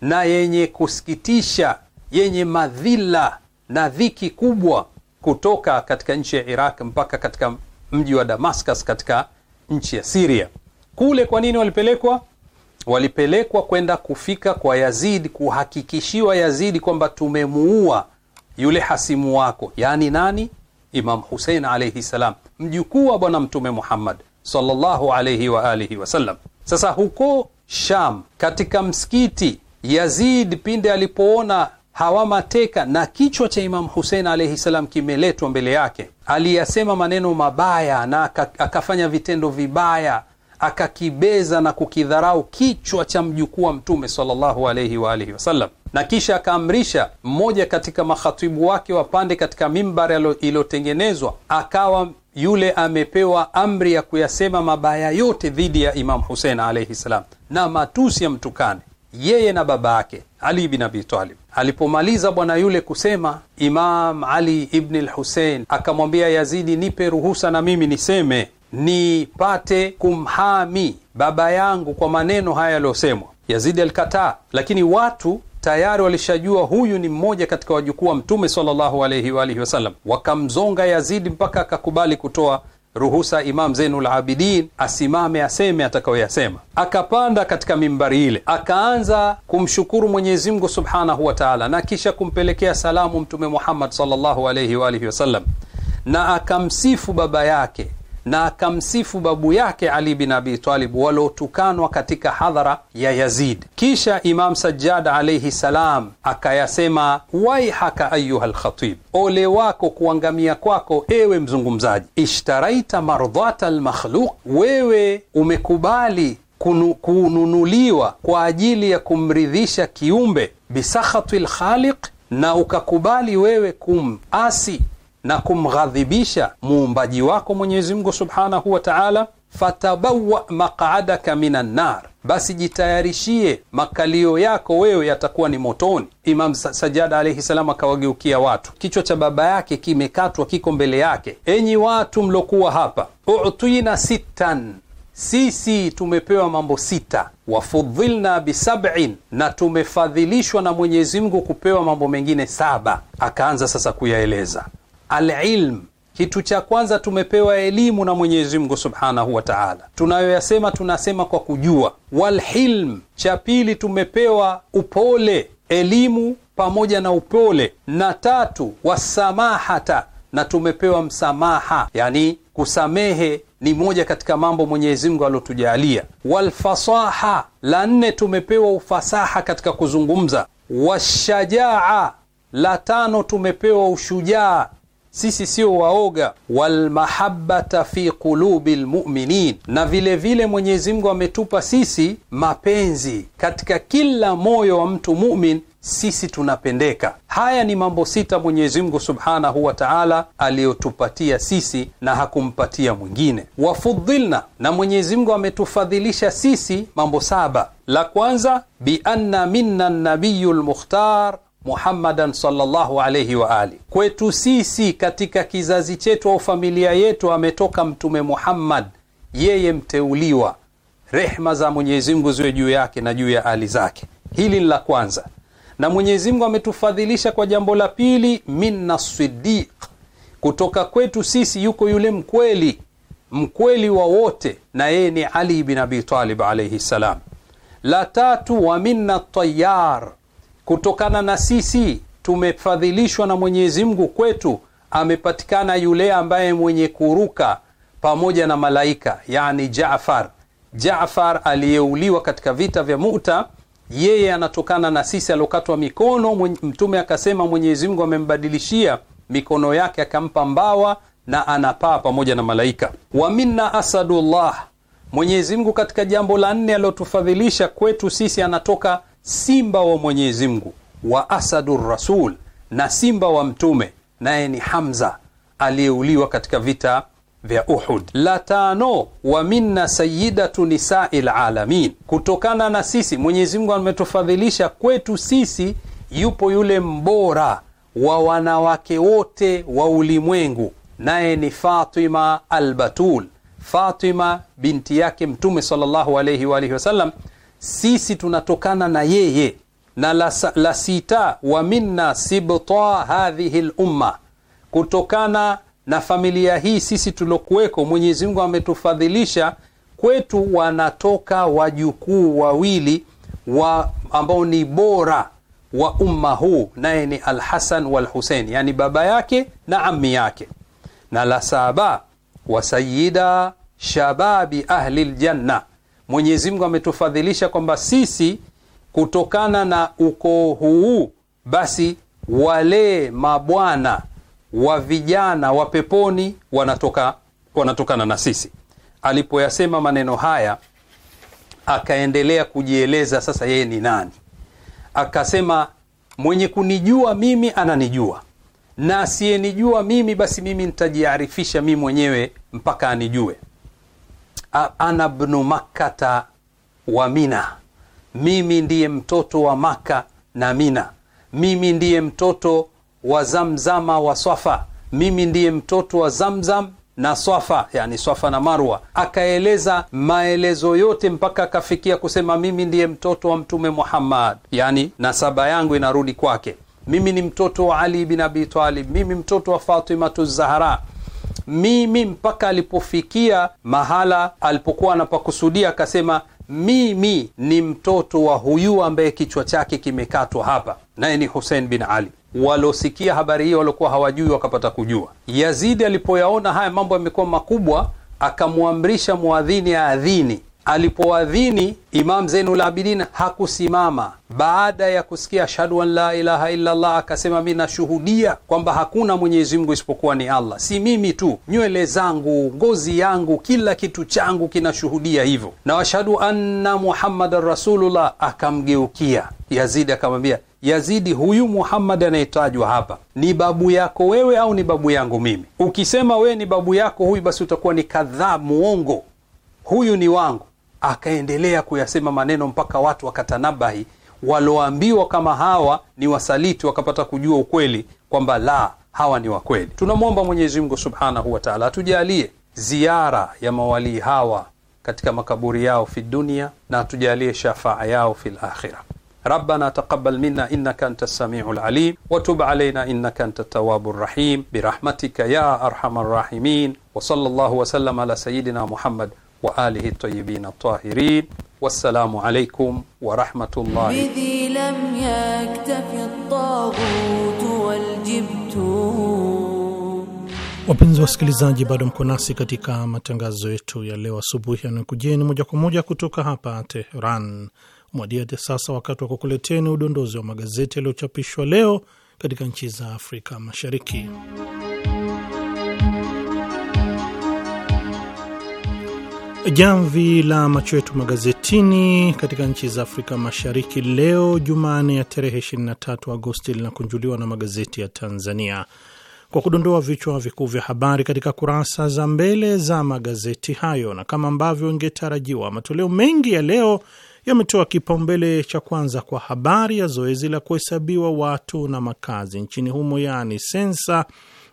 na yenye kusikitisha yenye madhila na dhiki kubwa kutoka katika nchi ya Iraq mpaka katika mji wa Damascus katika nchi ya siria Kule kwa nini walipelekwa? Walipelekwa kwenda kufika kwa Yazid, kuhakikishiwa Yazidi kwamba tumemuua yule hasimu wako, yaani nani? Imam husein alaihi salam, mjukuu wa bwana Mtume Muhammad sallallahu alayhi wa alihi wasallam. Sasa huko Sham, katika msikiti Yazid, pinde alipoona hawa mateka na kichwa cha Imamu Husein alaihi salam kimeletwa mbele yake, aliyasema maneno mabaya na akafanya vitendo vibaya, akakibeza na kukidharau kichwa cha mjukuu wa Mtume sallallahu alaihi wa alihi wasallam, na kisha akaamrisha mmoja katika makhatibu wake wapande katika mimbari iliyotengenezwa, akawa yule amepewa amri ya kuyasema mabaya yote dhidi ya Imam Husein alaihi ssalam, na matusi yamtukane yeye na baba yake Ali bin Abi Talib. Alipomaliza bwana yule kusema, Imam Ali ibn al-Husein akamwambia Yazidi, nipe ruhusa na mimi niseme, nipate kumhami baba yangu kwa maneno haya yaliyosemwa. Yazidi alikataa, lakini watu tayari walishajua huyu ni mmoja katika wajukuu wa Mtume sallallahu wa alihi wasallam, wakamzonga Yazidi mpaka akakubali kutoa ruhusa Imam Zainul Abidin asimame aseme atakayoyasema. Akapanda katika mimbari ile, akaanza kumshukuru Mwenyezi Mungu subhanahu wa taala, na kisha kumpelekea salamu Mtume Muhammad sallallahu wa alihi wasallam, na akamsifu baba yake na akamsifu babu yake Ali bin Abi Talib walotukanwa katika hadhara ya Yazid. Kisha Imam Sajjad alaihi salam akayasema, waihaka ayuha lkhatib, ole wako kuangamia kwako ewe mzungumzaji. Ishtaraita mardhata lmakhluq, wewe umekubali kunu, kununuliwa kwa ajili ya kumridhisha kiumbe bisakhati lkhaliq, na ukakubali wewe kumasi na kumghadhibisha muumbaji wako Mwenyezi Mungu subhanahu wa taala, fatabawa maqadaka minan nar, basi jitayarishie makalio yako wewe yatakuwa ni motoni. Imam Sajada alaihi salam akawageukia watu, kichwa cha baba yake kimekatwa, kiko mbele yake. Enyi watu mlokuwa hapa, utina sittan sisi tumepewa mambo sita, wafudhilna bisabin, na tumefadhilishwa na Mwenyezi Mungu kupewa mambo mengine saba. Akaanza sasa kuyaeleza alilm kitu cha kwanza tumepewa elimu na Mwenyezi Mungu Subhanahu wa Ta'ala. Tunayoyasema tunasema kwa kujua. Walhilm, cha pili tumepewa upole, elimu pamoja na upole, na tatu wasamahata, na tumepewa msamaha, yani kusamehe ni moja katika mambo Mwenyezi Mungu aliotujalia. Walfasaha, la nne tumepewa ufasaha katika kuzungumza. Washajaa, la tano tumepewa ushujaa sisi sio waoga. walmahabbata fi qulubi lmuminin, na vilevile Mwenyezi Mungu ametupa sisi mapenzi katika kila moyo wa mtu mumin, sisi tunapendeka. Haya ni mambo sita Mwenyezi Mungu subhanahu wa taala aliyotupatia sisi na hakumpatia mwingine. Wafudhilna, na Mwenyezi Mungu ametufadhilisha sisi mambo saba. La kwanza bianna minna nabiyu lmukhtar Muhammadan sallallahu alayhi wa ali. Kwetu sisi katika kizazi chetu au familia yetu ametoka Mtume Muhammad, yeye mteuliwa, rehma za Mwenyezi Mungu ziwe juu yake na juu ya ali zake. Hili ni la kwanza, na Mwenyezi Mungu ametufadhilisha kwa jambo la pili, minna sidiq, kutoka kwetu sisi yuko yule mkweli, mkweli wa wote, na yeye ni Ali bin Abi Talib alayhi salam. La tatu, wa minna tayar kutokana na sisi tumefadhilishwa na Mwenyezi Mungu, kwetu amepatikana yule ambaye mwenye kuruka pamoja na malaika, yani Jaafar. Jaafar aliyeuliwa katika vita vya Muta, yeye anatokana na sisi, aliokatwa mikono. Mtume akasema Mwenyezi Mungu amembadilishia mikono yake akampa mbawa na anapaa pamoja na malaika. wa minna asadullah, Mwenyezi Mungu katika jambo la nne aliotufadhilisha kwetu sisi anatoka simba wa Mwenyezi Mungu wa asadu rasul, na simba wa mtume naye ni Hamza aliyeuliwa katika vita vya Uhud. La tano, wa minna sayidatu nisai lalamin, kutokana na sisi Mwenyezi Mungu ametufadhilisha kwetu sisi yupo yule mbora wa wanawake wote wa ulimwengu naye ni Fatima Albatul, Fatima binti yake Mtume sallallahu alayhi wa alihi wasallam sisi tunatokana na yeye na la, la sita wa minna sibta hadhihi lumma, kutokana na familia hii sisi tuliokuweko, Mwenyezi Mungu ametufadhilisha kwetu wanatoka wajukuu wawili wa ambao ni bora wa umma huu, naye ni Alhasan walhusein, yani baba yake na ami yake. Na la saba wa sayida shababi ahli ljanna Mwenyezi Mungu ametufadhilisha kwamba sisi kutokana na ukoo huu, basi wale mabwana wa vijana wa peponi wanatoka wanatokana na sisi. Alipoyasema maneno haya, akaendelea kujieleza sasa yeye ni nani. Akasema, mwenye kunijua mimi ananijua, na asiyenijua mimi basi mimi nitajiarifisha mii mwenyewe mpaka anijue ana bnu makkata wa mina, mimi ndiye mtoto wa Maka na Mina, mimi ndiye mtoto wa Zamzama wa Swafa, mimi ndiye mtoto wa Zamzam na Swafa, yani Swafa na Marwa. Akaeleza maelezo yote mpaka akafikia kusema mimi ndiye mtoto wa Mtume Muhammad, yani nasaba yangu inarudi kwake. Mimi ni mtoto wa Ali bin Abi Talib, mimi mtoto wa Fatimatu Zahra, mimi, mpaka alipofikia mahala alipokuwa anapakusudia, akasema mimi ni mtoto wa huyu ambaye kichwa chake kimekatwa hapa, naye ni husein bin Ali. Walosikia habari hiyo waliokuwa hawajui wakapata kujua. Yazidi alipoyaona haya mambo yamekuwa makubwa, akamwamrisha mwadhini aadhini Alipowadhini Imam Zainul Abidin hakusimama baada ya kusikia ashhadu an la ilaha illallah, akasema mi nashuhudia kwamba hakuna Mwenyezi Mungu isipokuwa ni Allah. Si mimi tu, nywele zangu, ngozi yangu, kila kitu changu kinashuhudia hivyo, na washhadu anna Muhammadan Rasulullah. Akamgeukia Yazidi akamwambia, Yazidi, huyu Muhammad anayetajwa hapa ni babu yako wewe au ni babu yangu mimi? Ukisema wewe ni babu yako huyu, basi utakuwa ni kadhaa, muongo. Huyu ni wangu akaendelea kuyasema maneno mpaka watu wakatanabahi, waloambiwa kama hawa ni wasaliti wakapata kujua ukweli kwamba la, hawa ni wakweli. Tunamwomba mwenyezimngu Mungu subhanahu wa atujalie ziara ya mawalii hawa katika makaburi yao fi dunia na atujalie shafaa yao fi lakhira. Rabbana taqabbal minna innaka anta samiu lalim watub alaina innaka anta tawabu rahim birahmatika ya arhamar rahimin wa sallallahu wasallam ala sayidina Muhammad wa alihi tayyibin at-tahirin. Wassalamu alaykum wa rahmatullahi bidhi lam yaktafi at-taghut wal jibtu. Wapenzi wasikilizaji, bado mko nasi katika matangazo yetu ya leo asubuhi, ni moja kwa moja kutoka hapa Tehran. Mwadiate sasa wakati wa kukuleteni udondozi wa magazeti yaliyochapishwa leo katika nchi za Afrika Mashariki. Jamvi la macho yetu magazetini katika nchi za Afrika Mashariki leo Jumanne ya tarehe 23 Agosti linakunjuliwa na magazeti ya Tanzania kwa kudondoa vichwa vikuu vya habari katika kurasa za mbele za magazeti hayo, na kama ambavyo ingetarajiwa, matoleo mengi ya leo yametoa kipaumbele cha kwanza kwa habari ya zoezi la kuhesabiwa watu na makazi nchini humo, yaani sensa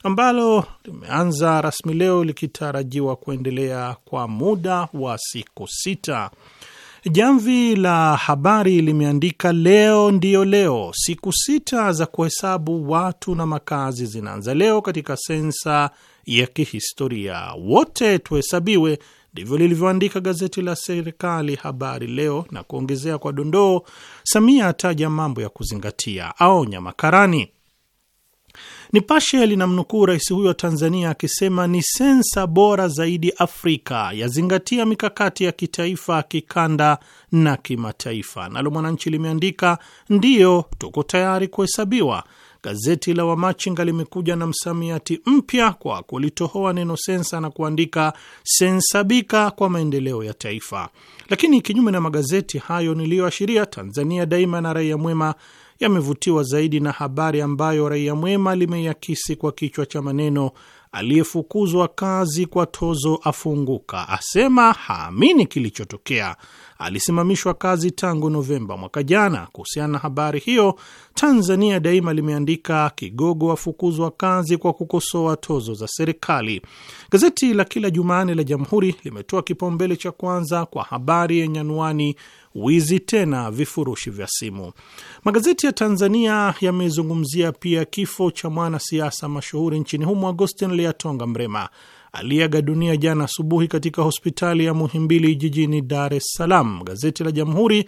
ambalo limeanza rasmi leo likitarajiwa kuendelea kwa muda wa siku sita. Jamvi la Habari limeandika leo ndiyo leo, siku sita za kuhesabu watu na makazi zinaanza leo katika sensa ya kihistoria, wote tuhesabiwe. Ndivyo lilivyoandika gazeti la serikali Habari Leo na kuongezea kwa dondoo, Samia ataja mambo ya kuzingatia, aonya makarani. Nipashe linamnukuu rais huyo wa Tanzania akisema ni sensa bora zaidi Afrika, yazingatia mikakati ya kitaifa, kikanda na kimataifa. Nalo Mwananchi limeandika ndiyo, tuko tayari kuhesabiwa. Gazeti la Wamachinga limekuja na msamiati mpya kwa kulitohoa neno sensa na kuandika sensabika kwa maendeleo ya taifa. Lakini kinyume na magazeti hayo niliyoashiria, Tanzania Daima na Raia Mwema yamevutiwa zaidi na habari ambayo Raia Mwema limeiakisi kwa kichwa cha maneno, aliyefukuzwa kazi kwa tozo afunguka, asema haamini kilichotokea. Alisimamishwa kazi tangu Novemba mwaka jana. Kuhusiana na habari hiyo, Tanzania Daima limeandika kigogo afukuzwa kazi kwa kukosoa tozo za serikali. Gazeti la kila Jumanne la Jamhuri limetoa kipaumbele cha kwanza kwa habari yenye anwani wizi tena vifurushi vya simu. Magazeti ya Tanzania yamezungumzia pia kifo cha mwanasiasa mashuhuri nchini humo Agostin Liatonga Mrema aliyeaga dunia jana asubuhi katika hospitali ya Muhimbili jijini Dar es Salaam. Gazeti la Jamhuri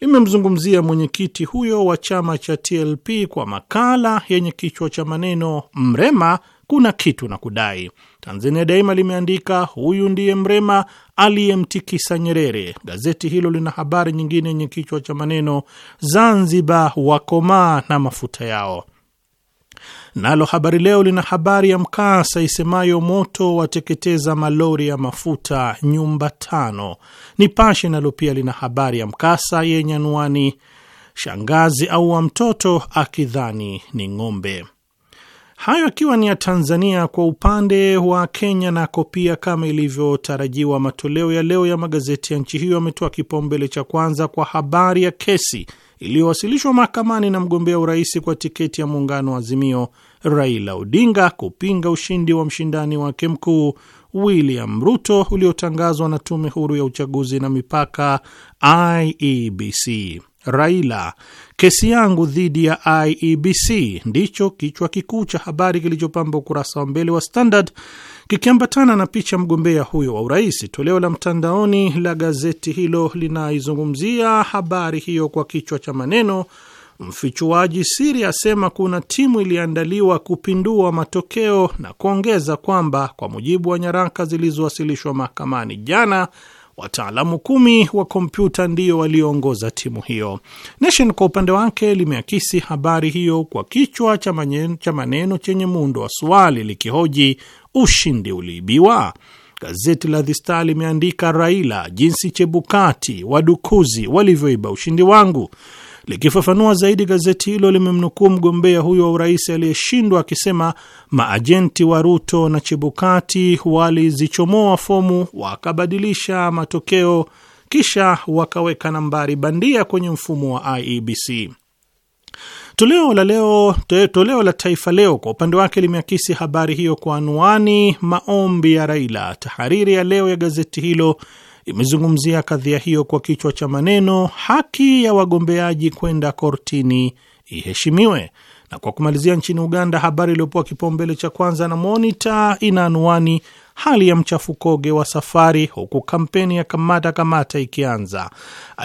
limemzungumzia mwenyekiti huyo wa chama cha TLP kwa makala yenye kichwa cha maneno Mrema kuna kitu na kudai. Tanzania Daima limeandika huyu ndiye mrema aliyemtikisa Nyerere. Gazeti hilo lina habari nyingine yenye kichwa cha maneno Zanzibar wakomaa na mafuta yao. Nalo Habari Leo lina habari ya mkasa isemayo moto wateketeza malori ya mafuta nyumba tano. Nipashe nalo pia lina habari ya mkasa yenye anwani shangazi au wa mtoto akidhani ni ng'ombe hayo akiwa ni ya Tanzania. Kwa upande wa Kenya nako pia, kama ilivyotarajiwa, matoleo ya leo ya magazeti ya nchi hiyo yametoa kipaumbele cha kwanza kwa habari ya kesi iliyowasilishwa mahakamani na mgombea urais kwa tiketi ya muungano wa Azimio Raila Odinga kupinga ushindi wa mshindani wake mkuu William Ruto uliotangazwa na tume huru ya uchaguzi na mipaka IEBC. Raila Kesi yangu dhidi ya IEBC ndicho kichwa kikuu cha habari kilichopamba ukurasa wa mbele wa Standard kikiambatana na picha mgombea huyo wa urais. Toleo la mtandaoni la gazeti hilo linaizungumzia habari hiyo kwa kichwa cha maneno, mfichuaji siri asema kuna timu iliandaliwa kupindua matokeo, na kuongeza kwamba kwa mujibu wa nyaraka zilizowasilishwa mahakamani jana Wataalamu kumi wa kompyuta ndio walioongoza timu hiyo. Nation kwa upande wake limeakisi habari hiyo kwa kichwa cha maneno chenye muundo wa swali likihoji, ushindi uliibiwa? Gazeti la The Star limeandika, Raila, jinsi Chebukati wadukuzi walivyoiba ushindi wangu. Likifafanua zaidi, gazeti hilo limemnukuu mgombea huyo wa urais aliyeshindwa akisema maajenti wa Ruto na Chebukati walizichomoa fomu wakabadilisha matokeo kisha wakaweka nambari bandia kwenye mfumo wa IEBC. Toleo la leo, toleo la Taifa Leo kwa upande wake limeakisi habari hiyo kwa anwani maombi ya Raila. Tahariri ya leo ya gazeti hilo imezungumzia kadhia hiyo kwa kichwa cha maneno haki ya wagombeaji kwenda kortini iheshimiwe. Na kwa kumalizia, nchini Uganda, habari iliyopewa kipaumbele cha kwanza na Monita ina anwani hali ya mchafukoge wa safari, huku kampeni ya kamata kamata ikianza.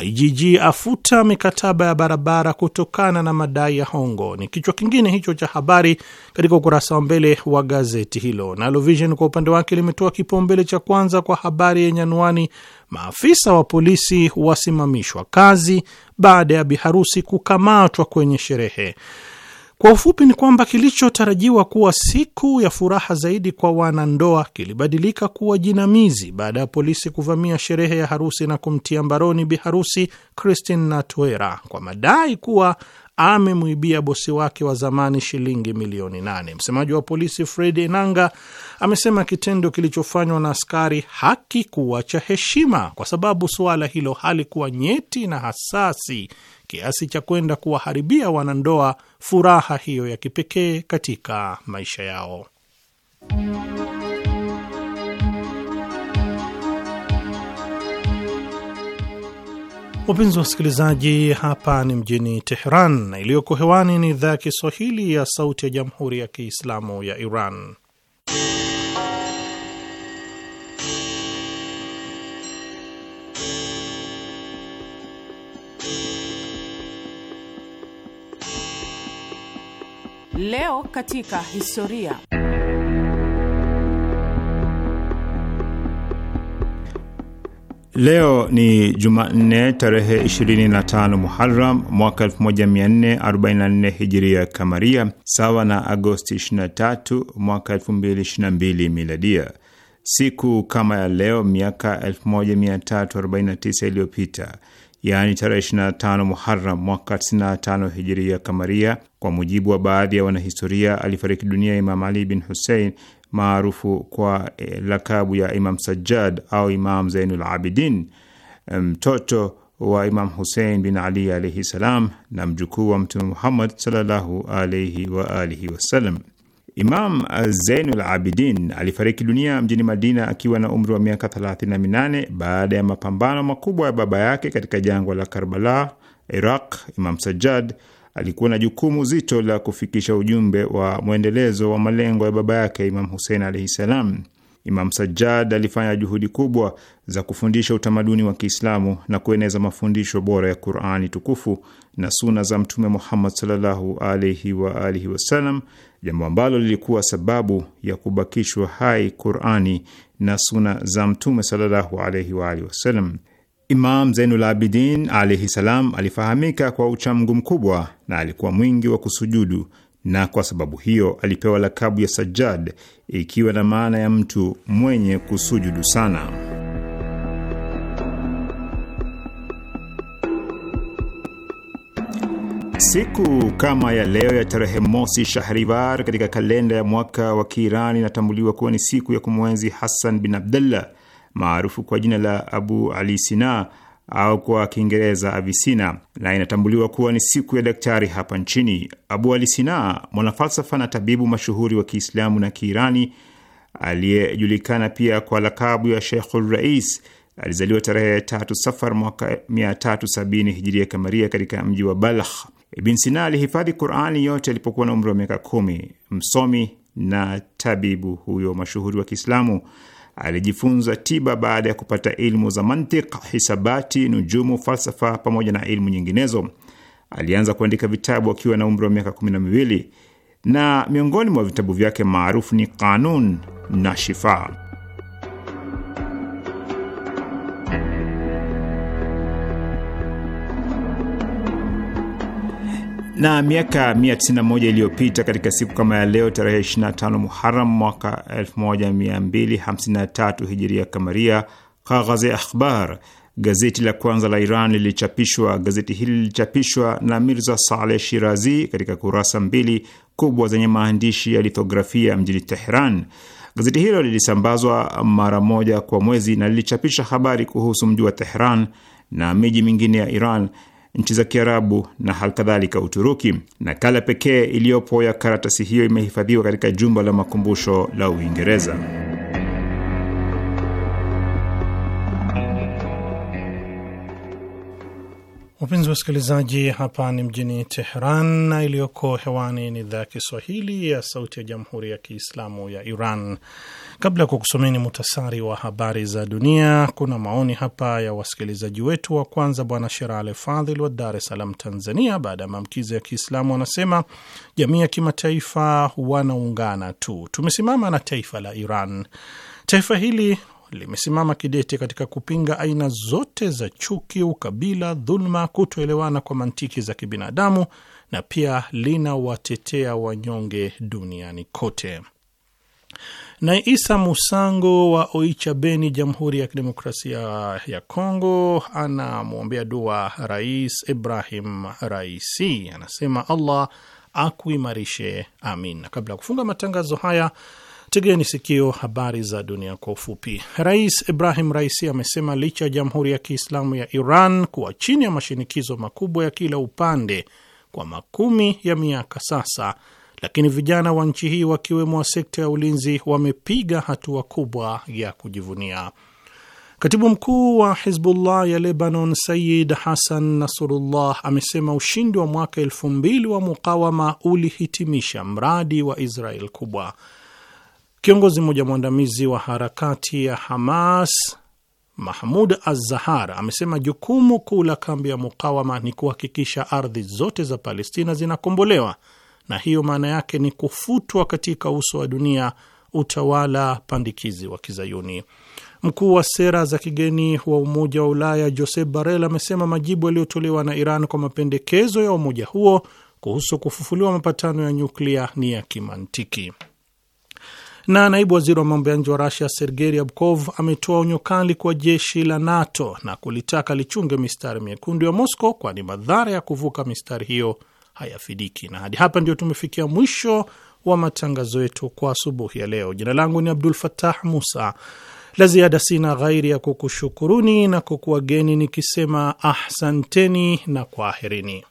IGG afuta mikataba ya barabara kutokana na madai ya hongo, ni kichwa kingine hicho cha habari katika ukurasa wa mbele wa gazeti hilo. Nalo Vision kwa upande wake limetoa kipaumbele cha kwanza kwa habari yenye anwani maafisa wa polisi wasimamishwa kazi baada ya biharusi kukamatwa kwenye sherehe. Kwa ufupi ni kwamba kilichotarajiwa kuwa siku ya furaha zaidi kwa wanandoa kilibadilika kuwa jinamizi baada ya polisi kuvamia sherehe ya harusi na kumtia mbaroni biharusi cristin Christine Natwera kwa madai kuwa amemwibia bosi wake wa zamani shilingi milioni nane. Msemaji wa polisi Fred Enanga amesema kitendo kilichofanywa na askari hakikuwa cha heshima, kwa sababu suala hilo halikuwa nyeti na hasasi kiasi cha kwenda kuwaharibia wanandoa furaha hiyo ya kipekee katika maisha yao. Wapenzi wa wasikilizaji, hapa ni mjini Teheran na iliyoko hewani ni idhaa ya Kiswahili ya Sauti ya Jamhuri ya Kiislamu ya Iran. Leo katika historia. Leo ni Jumanne tarehe 25 muharam mwaka 1444 hijiria kamaria, sawa na Agosti 23 mwaka 2022 miladia. Siku kama ya leo miaka 1349 iliyopita yaani tarehe 25 muharam mwaka 95 hijiria kamaria. Kwa mujibu wa baadhi ya wanahistoria, alifariki dunia Imam Ali bin Hussein maarufu kwa eh, lakabu ya Imam Sajjad au Imam Zainul Abidin, mtoto wa Imam husein bin Ali alaihi salam na mjukuu wa Mtume Muhammad sallallahu alaihi wa alihi wasallam. Imam Zainul Abidin alifariki dunia mjini Madina akiwa na umri wa miaka 38 baada ya mapambano makubwa ya baba yake katika jangwa la Karbala, Iraq. Imam Sajjad alikuwa na jukumu zito la kufikisha ujumbe wa mwendelezo wa malengo ya baba yake Imam Husein alaihi ssalam Imam Sajjad alifanya juhudi kubwa za kufundisha utamaduni wa Kiislamu na kueneza mafundisho bora ya Qurani tukufu na suna za Mtume Muhammad sallallahu alaihi wa alihi wasallam, jambo ambalo lilikuwa sababu ya kubakishwa hai Qurani na suna za Mtume sallallahu alaihi wa alihi wasallam. Imam Zainul Abidin alaihi salam alifahamika kwa uchamgu mkubwa na alikuwa mwingi wa kusujudu na kwa sababu hiyo alipewa lakabu ya Sajjad, ikiwa na maana ya mtu mwenye kusujudu sana. Siku kama ya leo ya tarehe mosi Shahrivar katika kalenda ya mwaka wa Kiirani inatambuliwa kuwa ni siku ya kumwenzi Hassan bin Abdallah maarufu kwa jina la Abu Ali Sina au kwa Kiingereza Avisina, na inatambuliwa kuwa ni siku ya daktari hapa nchini. Abu Ali Sina, mwanafalsafa na tabibu mashuhuri wa Kiislamu na Kiirani aliyejulikana pia kwa lakabu ya Sheikhul Rais alizaliwa tarehe tatu Safar mwaka 370 hijiria kamaria katika mji wa Balkh. Ibn Sina alihifadhi Qurani yote alipokuwa na umri wa miaka kumi. Msomi na tabibu huyo mashuhuri wa Kiislamu Alijifunza tiba baada ya kupata ilmu za mantiq, hisabati, nujumu, falsafa pamoja na ilmu nyinginezo. Alianza kuandika vitabu akiwa na umri wa miaka kumi na miwili na miongoni mwa vitabu vyake maarufu ni Qanun na shifaa Na miaka 191 iliyopita katika siku kama ya leo tarehe 25 Muharam mwaka 1253 hijiria kamaria, Kaghaze Akhbar, gazeti la kwanza la Iran lilichapishwa. Gazeti hili lilichapishwa na Mirza Saleh Shirazi katika kurasa mbili kubwa zenye maandishi ya lithografia mjini Teheran. Gazeti hilo lilisambazwa mara moja kwa mwezi na lilichapisha habari kuhusu mji wa Teheran na miji mingine ya Iran nchi za Kiarabu na halikadhalika Uturuki. Nakala pekee iliyopo ya karatasi hiyo imehifadhiwa katika jumba la makumbusho la Uingereza. Wapenzi wasikilizaji, hapa ni mjini Teheran na iliyoko hewani ni idhaa ya Kiswahili ya Sauti ya Jamhuri ya Kiislamu ya Iran. Kabla ya kukusomeni muhtasari wa habari za dunia, kuna maoni hapa ya wasikilizaji wetu. Wa kwanza Bwana Sherale Fadhil wa Dar es Salaam, Tanzania, baada ya maamkizi ya Kiislamu anasema jamii ya kimataifa wanaungana tu, tumesimama na taifa la Iran. Taifa hili limesimama kidete katika kupinga aina zote za chuki, ukabila, dhuluma, kutoelewana kwa mantiki za kibinadamu na pia linawatetea wanyonge duniani kote na Isa Musango wa Oicha, Beni, Jamhuri ya Kidemokrasia ya Kongo, anamwombea dua Rais Ibrahim Raisi, anasema Allah akuimarishe, amin. Na kabla ya kufunga matangazo haya Tegeni sikio habari za dunia kwa ufupi. Rais Ibrahim Raisi amesema licha ya Jamhuri ya Kiislamu ya Iran kuwa chini ya mashinikizo makubwa ya kila upande kwa makumi ya miaka sasa, lakini vijana wa nchi hii wakiwemo wa sekta ya ulinzi wamepiga hatua kubwa ya kujivunia. Katibu mkuu wa Hizbullah ya Lebanon, Sayid Hasan Nasrullah, amesema ushindi wa mwaka elfu mbili wa mukawama ulihitimisha mradi wa Israel kubwa. Kiongozi mmoja mwandamizi wa harakati ya Hamas Mahmud Azzahar amesema jukumu kuu la kambi ya mukawama ni kuhakikisha ardhi zote za Palestina zinakombolewa na hiyo maana yake ni kufutwa katika uso wa dunia utawala pandikizi wa Kizayuni. Mkuu wa sera za kigeni wa Umoja wa Ulaya Josep Borrell amesema majibu yaliyotolewa na Iran kwa mapendekezo ya umoja huo kuhusu kufufuliwa mapatano ya nyuklia ni ya kimantiki. Na naibu waziri wa mambo ya nje wa Rasia Sergei Ryabkov ametoa onyo kali kwa jeshi la NATO na kulitaka lichunge mistari miekundu ya Moscow, kwani madhara ya kuvuka mistari hiyo hayafidiki. Na hadi hapa ndio tumefikia mwisho wa matangazo yetu kwa asubuhi ya leo. Jina langu ni Abdul Fattah Musa. La ziada sina ghairi ya kukushukuruni na kukuwageni nikisema ahsanteni na kwaherini.